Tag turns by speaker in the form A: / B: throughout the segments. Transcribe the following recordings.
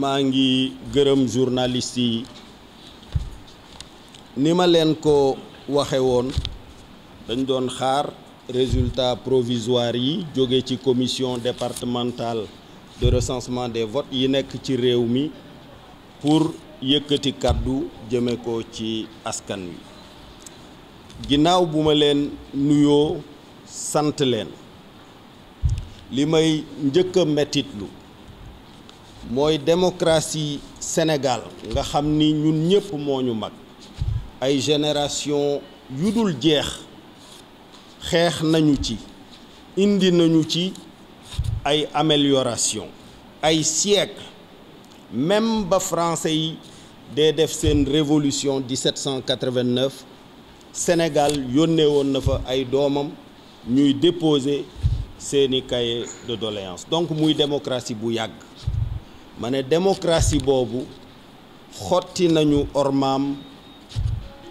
A: maa ngi gërëm journaliste yi ni ma leen ko waxe woon dañ doon xaar résultat provisoire yi jóge ci commission départementale de recensement des vote yi nekk ci réew mi pour yëkkati kàddu jëme ko ci askan wi ginnaaw bu ma leen nuyoo sant leen li may njëkk a mettitlu mooy démocratie Sénégal nga xam ni ñun ñëpp moo ñu mag ay génération yu dul jeex xeex nañu ci indi nañu ci ay amélioration ay siècle même ba français yi dee def seen révolution 1789 Sénégal yónnee woon na fa ay doomam ñuy déposé seeni cahier de doléance donc muy démocratie bu yàgg ma ne démocratie boobu xotti nañu ormaam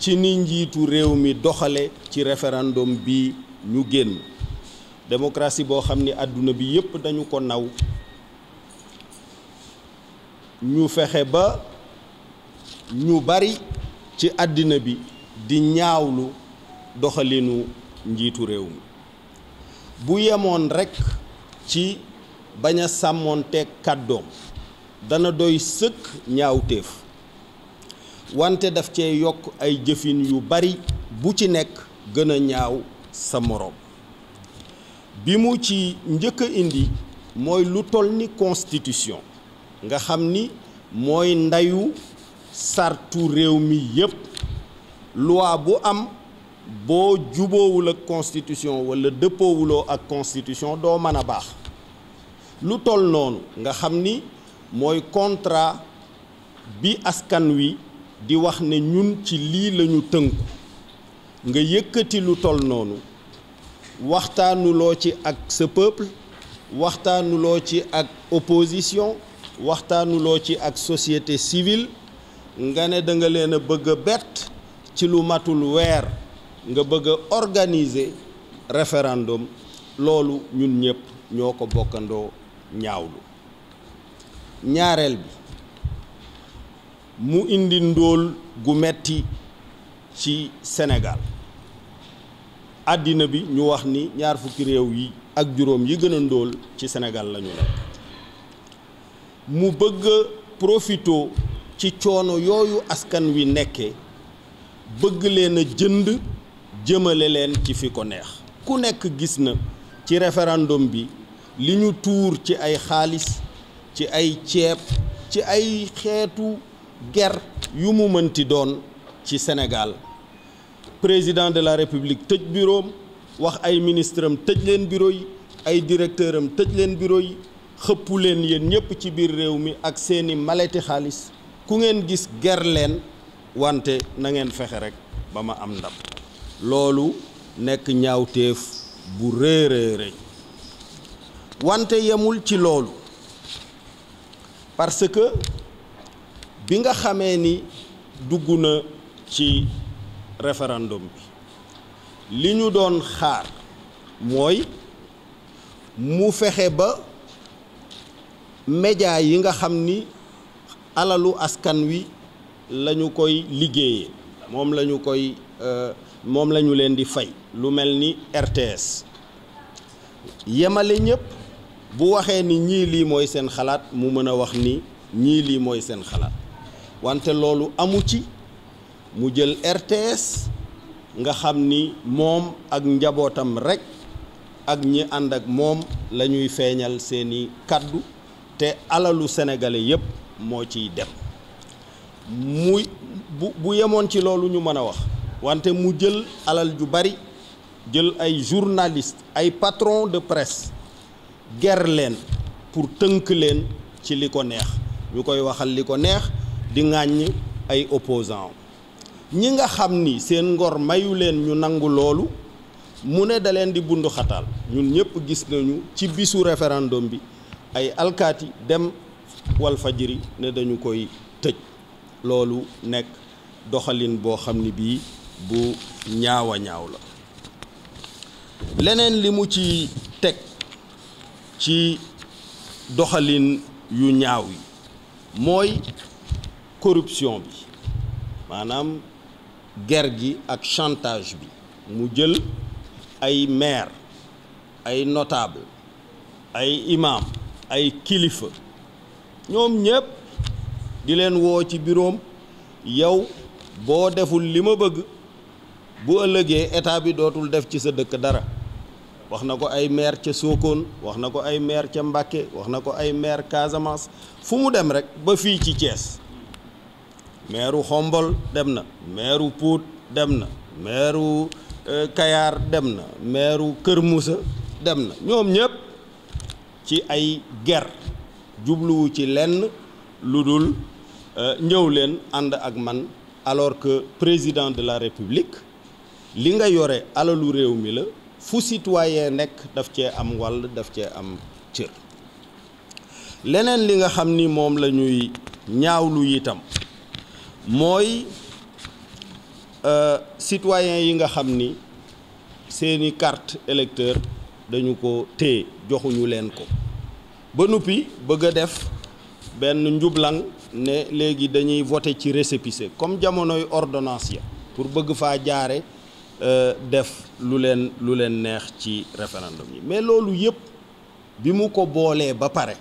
A: ci ni njiitu réew mi doxale ci référendum bi ñu génn démocratie boo xam ni àdduna bi yépp dañu ko naw ñu fexe ba ñu bari ci àddina bi di ñaawlu doxalinu njiitu réew mi bu yemoon rekk ci bañ a sàmmoonteeg kàddoom dana doy sëkk ñaawteef wante daf cee yokk ay jëfin yu bari bu ci nekk gëna ñaaw sa moroom bi mu ci njëkka indi mooy lu toll ni constitution nga xam ni mooy ndayu sartu réew mi yépp luwaa bu am boo juboowul ak constitution walla dëppoowuloo ak constitution doo mëna a baax lu toll noonu nga xam ni mooy contrat bi askan wi di wax ne ñun ci lii lañu tënku nga yëkkati lu tol noonu waxtaanuloo ci ak sa peuple waxtaanuloo ci ak opposition waxtaanuloo ci ak société civile nga ne danga nga leen a bëgg a bett ci lu matul weer nga bëgg a organiser référendum loolu ñun ñépp ñoo ko bokkandoo ñaawlu ñaareel bi mu indi ndóol gu metti ci senegaal àddina bi ñu wax ni ñaar fukki réew yi ak juróom yi gëna a ndóol ci senegaal lañu nekk mu bëgg a ci coono yooyu askan wi nekke bëgg leen a jënd jëmale leen ci fi ko neex ku nekk gis na ci référendum bi li ñu tuur ci ay xaalis ci ay ceeb ci ay xeetu ger yu mu mënti doon ci senegal président de la république tëj bureau wax ay ministre tëj leen bureau yi ay directeur am tëj leen bureau yi xëppu leen yéen ñëpp ci biir réew mi ak seeni maleti xaalis ku ngeen gis ger leen wante nangeen fexe rek ba ma am ndam loolu nekk ñaawteef bu réeréeré wante yemul ci loolu parce que bi nga xamee ni dugg na ci référendum bi li ñu doon xaar mooy mu fexe ba média yi nga xam ni alalu askan wi la ñu koy liggéeyee moom la koy euh, moom la ñu leen di fay lu mel ni RTS yemale ñëpp bu waxee ni ñii lii mooy seen xalaat mu mën a wax ni ñii lii mooy seen xalaat wante loolu amu ci mu jël RTS nga xam ni moom ak njabootam rekk ak ñi ànd ak moom la ñuy feeñal seeni kàddu te alalu sénégalais yépp moo ciy dem muy bu yemoon ci loolu ñu mën a wax wante mu jël alal ju bari jël ay journaliste ay patron de presse ger leen pour tënk leen ci li ko neex ñu koy waxal li ko neex di ŋàññ ay opposants ñi nga xam ni seen ngor mayu leen ñu nangu loolu mu ne da leen di bundu xataal ñun ñëpp gis nañu ci bisu référendum bi ay alkaati dem Walfadjri ne dañu koy tëj loolu nekk doxalin boo xam ni bii bu ñaawa ñaaw la leneen li mu ci ci doxalin yu ñaaw yi mooy corruption bi maanaam guerre gi ak chantage bi mu jël ay maire ay notable ay imam ay kilifa ñoom ñépp di leen woo ci biroom yow boo deful li ma bëgg bu ëllëgee état bi dootul def ci sa dëkk dara wax na ko ay maire ca Sokone wax na ko ay maire ca Mbacké wax na ko ay maire Casamance fu mu dem rek ba fii ci Thiès maireu Xombol dem na maireu Pout dem na maireu euh, Kayar dem na maireu Kër Moussa dem na ñoom ñëpp ci ay ger jubluwu ci lenn lu dul euh, ñëw leen ànd ak man alors que président de la république li nga yore alalu réew mi la fu citoyen nekk daf cee am wàll daf cee am cër leneen li nga xam ni moom la ñuy ñaawlu itam mooy euh, citoyen yi nga xam ni seeni kart électeur dañu ko téye joxuñu leen ko ba noppi bëgg a def benn njublang ne léegi dañuy voter ci récépissé comme jamonoy ordonnance ya pour bëgg faa jaare Euh, def lu leen lu leen neex ci référendum yi mais loolu yëpp bi mu ko boolee ba pare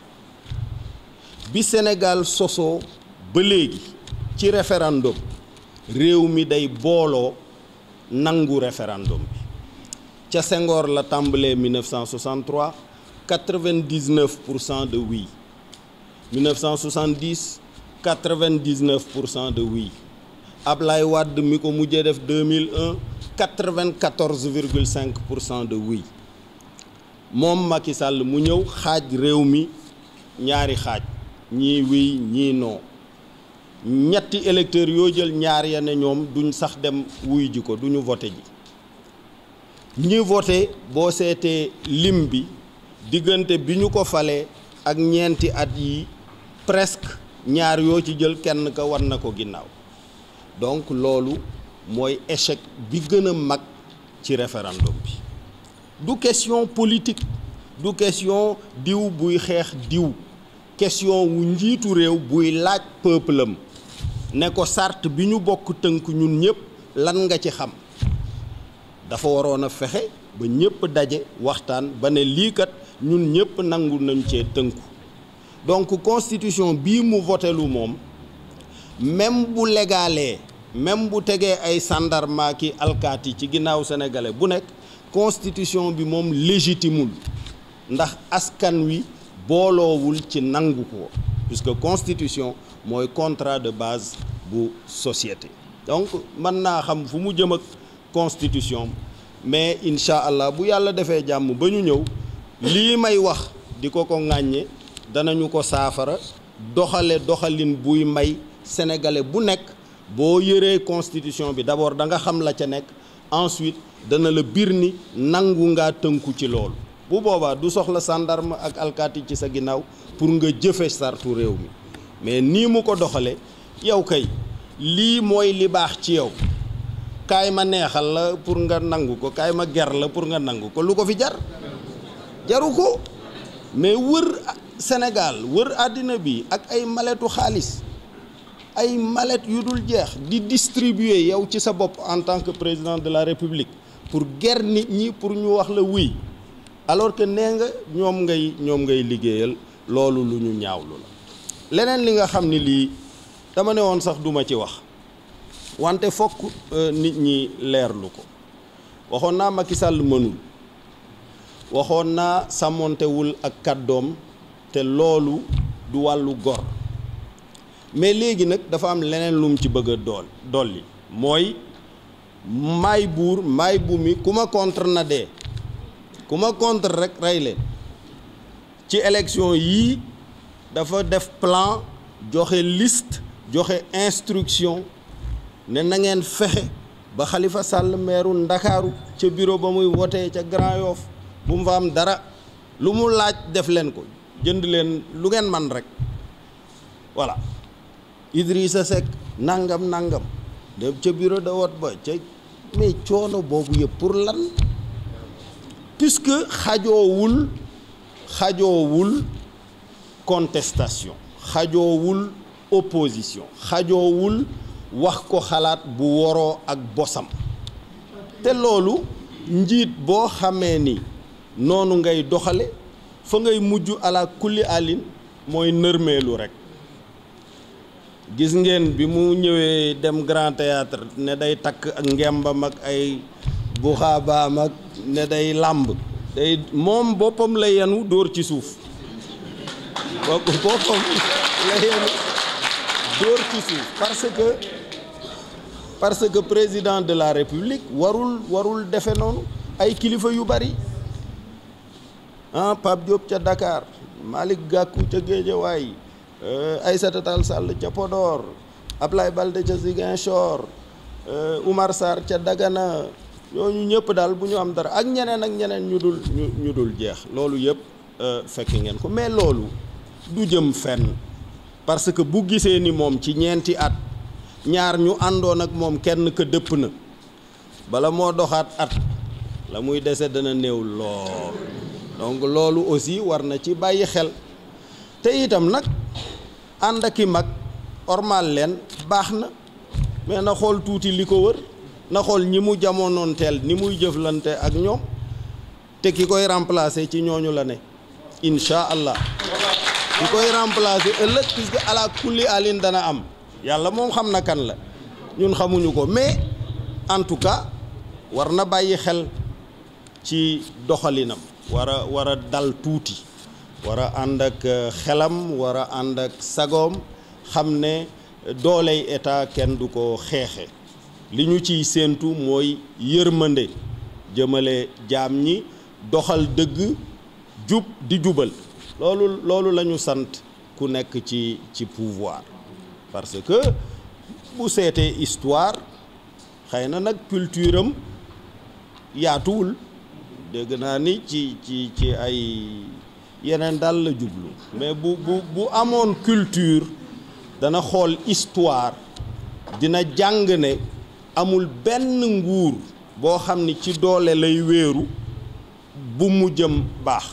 A: bi senegal sosoo ba léegi ci référendum réew mi day booloo nangu référendum bi ca Senghor la tàmbalee 1963 99 pour cent de oui 1970 99 pour cent de oui Ablaye Wade mi ko mujjee def 2001 quatre-vingt-quatorze virgule cinq pour cent de oui moom Macky Sall mu ñëw xaaj réew mi ñaari xaaj ñii oui ñii non ñetti électeurs yoo jël ñaar ya ne ñoom duñ sax dem wuy ji ko duñu voté ji ñi voté boo seetee lim bi diggante bi ñu ko falee ak ñeenti at yi presque ñaar yoo ci jël kenn ka war na ko ginnaaw donc loolu mooy échec bi gën a mag ci référendum bi du question politique du question diw buy xeex diw question wu njiitu réew buy laaj peuple am ne ko sart bi ñu bokk tënk ñun ñëpp lan nga ci xam dafa waroon a fexe ba ñëpp daje waxtaan ba ne liikat ñun ñëpp nangu nañ cee tënku donc constitution bii mu votelu moom même bu légalee même bu tegee ay sandarma ki alkaati ci ginnaaw sénégalais bu nekk constitution bi moom légitimul ndax askan wi booloowul ci nangu ko puisque constitution mooy contrat de base bu société donc mën naa xam fu mu jëm ak constitution mais incha allah bu yàlla defee jàmm ba ñu ñëw lii may wax di ko ko ŋàññe danañu ko saafara doxale doxalin buy may sénégalais bu nekk boo yëree constitution bi d'abord da nga xam la ca nekk ensuite dana la biir ni nangu ngaa tënku ci loolu bu boobaa du soxla gendarme ak alkaati ci sa ginnaaw pour nga jëfe sartu réew mi mais nii mu ko doxale yow kay lii mooy li baax ci yow kaay ma neexal la pour nga nangu ko kaay ma ger la pour nga nangu ko lu ko fi jar jaru ko mais wër Sénégal wër àddina bi ak ay maletu xaalis ay mallette yu dul jeex di distribuer yow ci sa bopp en tant que président de la république pour ger nit ñi pour ñu wax la wuy alors que nee nga ñoom ngay ñoom ngay liggéeyal loolu lu ñu ñaawlu la leneen li nga xam ni lii dama ne woon sax duma ci wax wante fokk euh, nit ñi leerlu ko waxoon naa Macky Sall mënul waxoon naa sàmmoontewul ak kàddoom te loolu du wàllu gor mais léegi nag dafa am leneen lum ci bëgg dool dool dolli mooy maay buur maay buumi ku ma contre na dee ku ma contre rek rey leen ci élection yii dafa def plan joxe list joxe instruction ne na ngeen fexe ba xalifa Sall meeru Ndakaaru ca bureau ba muy wotee ca Grand Yoff bu mu fa am dara lu mu laaj def leen ko jënd leen lu ngeen man rek voilà Idrissa Seck nangam nangam dem ca bureau de vote ba ca mais coono boobu yëpp pour lan puisque xajoowul xajoowul contestation xajoowul opposition xajoowul wax ko xalaat bu woroo ak bosam te loolu njiit boo xamee ni noonu ngay doxale fa ngay mujj ala kulli alin mooy nërmeelu rekk gis ngeen bi mu ñëwee dem grand théâtre ne day takk ak ngembam ak ay buxaabaam ak ne day làmb day moom boppam la yenu dóor ci suuf dóor ci suuf parce que président de la république warul warul defe noonu ay kilifa yu bari ah Pape ca dakaar malik Gakou ca Guédiawaye Euh, Aïssata Tall Sall ca podoor Ablaye Balde ca Ziguinchor euh, Oumar Sarr ca Dagana ñooñu ñëpp daal bu ñu am dara ak ñeneen ak ñeneen ñu dul ñu dul jeex loolu yëpp euh, fekki ngeen ko mais loolu du jëm fenn parce que bu gisee ni moom ci ñeenti at ñaar ñu àndoon ak moom kenn ka dëpp na bala moo doxaat at la muy dese dana néew lool donc loolu aussi war na ci bàyyi xel te itam nag ànd ak i mag ormal leen baax na mais na xool tuuti li ko wër na xool ñi mu jamonoonteel ni muy jëflante ak ñoom te ki koy remplacer ci ñooñu la ne incha allah ki koy remplacer ëllëg puisque ala kulli alin dana am yàlla moom xam na kan la ñun xamuñu ko mais en tout cas war na bàyyi xel ci doxalinam war a war a dal tuuti war a ànd ak euh, xelam war a ànd ak sagoom xam ne dooley état kenn du ko xeexe li ñu ciy séentu mooy yërmande jëmale jaam ñi doxal dëgg jub di jubal loolu lañu sant ku nekk ci ci pouvoir parce que bu seetee histoire xëy na nag culture yaatuwul dégg naa ni ci ci ci ay yeneen daal la jublu mais bu bu bu amoon culture dana xool histoire dina jàng ne amul benn nguur boo xam ni ci doole lay wéeru bu mu jëm baax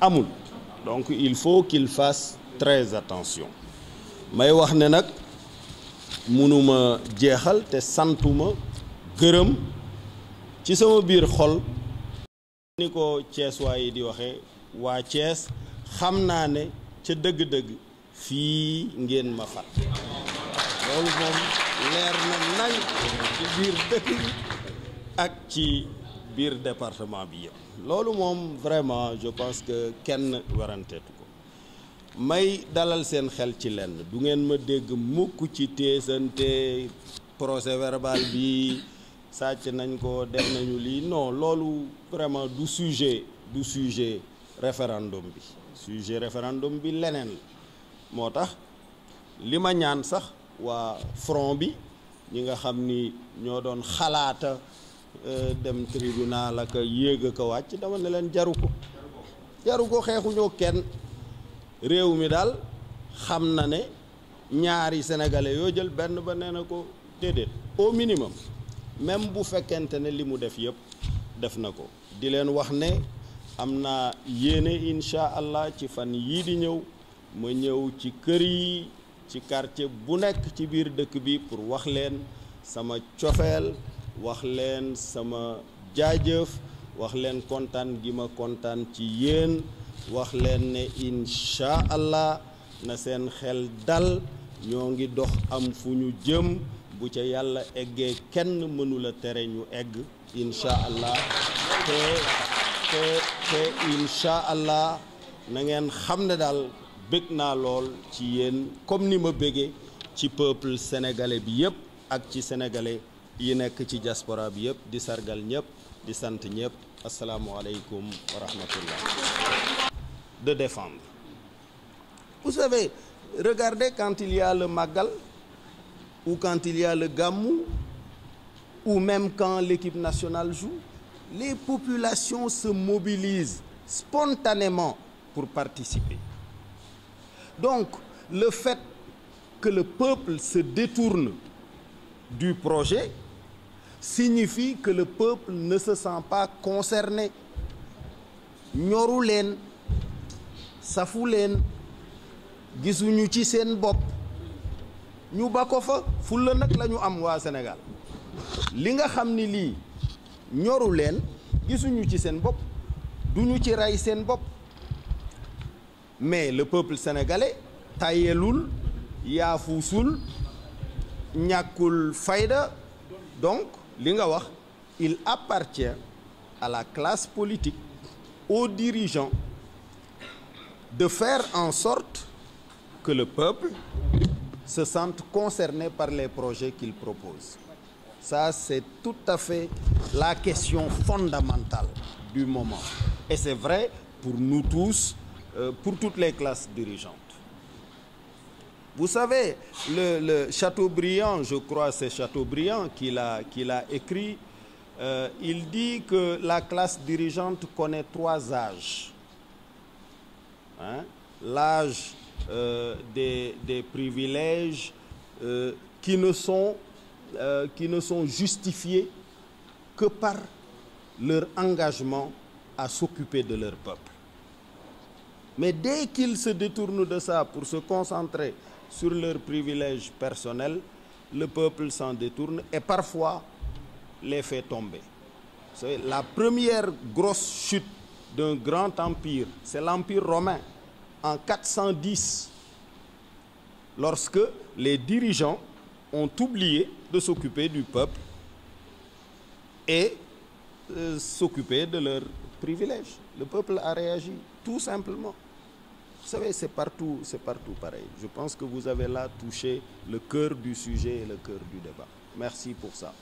A: amul donc il faut qu'il fasse très attention may wax ne nag mënuma jeexal te santuma gërëm ci sama biir xol ni ko Thiès di waxee waa Thiès xam naa ne ca dëgg-dëgg fii ngeen ma loolu moom ci biir département bi loolu moom vraiment je pense que kenn waranteetu ko may dalal seen xel ci lenn du ngeen ma dégg mukk ci téesante procès verbal bi sàcc nañ ko def nañu lii non loolu vraiment du sujet du sujet référendum bi sujet référendum bi leneen la moo tax li ma ñaan sax waa front bi ñi nga xam ni ñoo doon xalaata euh, dem tribunal ak yéeg ak wàcc dama ne leen jaru ko jaru ko xeexuñoo kenn réew mi daal xam na ne ñaari sénégalais yoo jël benn ba nee na ko déedéet au minimum même bu fekkente ne li mu def yëpp def na ko di leen wax ne am naa yéene incha allah ci fan yii di ñëw ma ñëw ci kër yi ci quartier bu nekk ci biir dëkk bi pour wax leen sama cofeel wax leen sama jaajëf waxleen kontaan gi ma kontaan ci yéen wax leen ne incha allah na seen xel dal ñoo ngi dox am fu ñu jëm bu ca yàlla eggee kenn mënula tere ñu egg incha te te allah na ngeen xam ne daal bég naa lool ci yéen comme ni ma bëggee ci peuple sénégalais bi yëpp ak ci sénégalais yi nekk ci diaspora bi yëpp di sargal ñëpp di sant ñëpp asalaamualeykum wa rahmatullah de défendre vous savez regardez quand il y ou quand il y ou même quand l'équipe nationale joue les populations se mobilisent spontanément pour participer. Donc, le fait que le peuple se détourne du projet signifie que le peuple ne se sent pas concerné. ñoru leen safu leen gisuñu ci seen bopp ñu ba ko fa fulla nag lañu am waa Sénégal li nga xam ni lii ñoru leen gisuñu ci seen bopp du ñu ci ray seen bopp mais le peuple sénégalais tayelul yaafuusul ñàkkul fayda donc li nga wax il appartient à la classe politique aux dirigeants de faire en sorte que le peuple se sente concerné par les projets qu'il propose Ça, c'est tout à fait la question fondamentale du moment. Et c'est vrai pour nous tous, euh, pour toutes les classes dirigeantes. Vous savez, le, le Chateaubriand, je crois c'est Chateaubriand qui l'a écrit, euh, il dit que la classe dirigeante connaît trois âges. Hein? L'âge euh, des, des, privilèges euh, qui ne sont euh, qui ne sont justifiées que par leur engagement à s'occuper de leur peuple. Mais dès qu'ils se détournent de ça pour se concentrer sur leurs privilèges personnels, le peuple s'en détourne et parfois les fait tomber. Vous savez, la première grosse chute d'un grand empire, c'est l'Empire romain en 410, lorsque les dirigeants ont oublié de s'occuper du peuple et euh, s'occuper de leurs privilèges. Le peuple a réagi, tout simplement. Vous savez, c'est partout, c'est partout pareil. Je pense que vous avez là touché le cœur du sujet et le cœur du débat. Merci pour ça.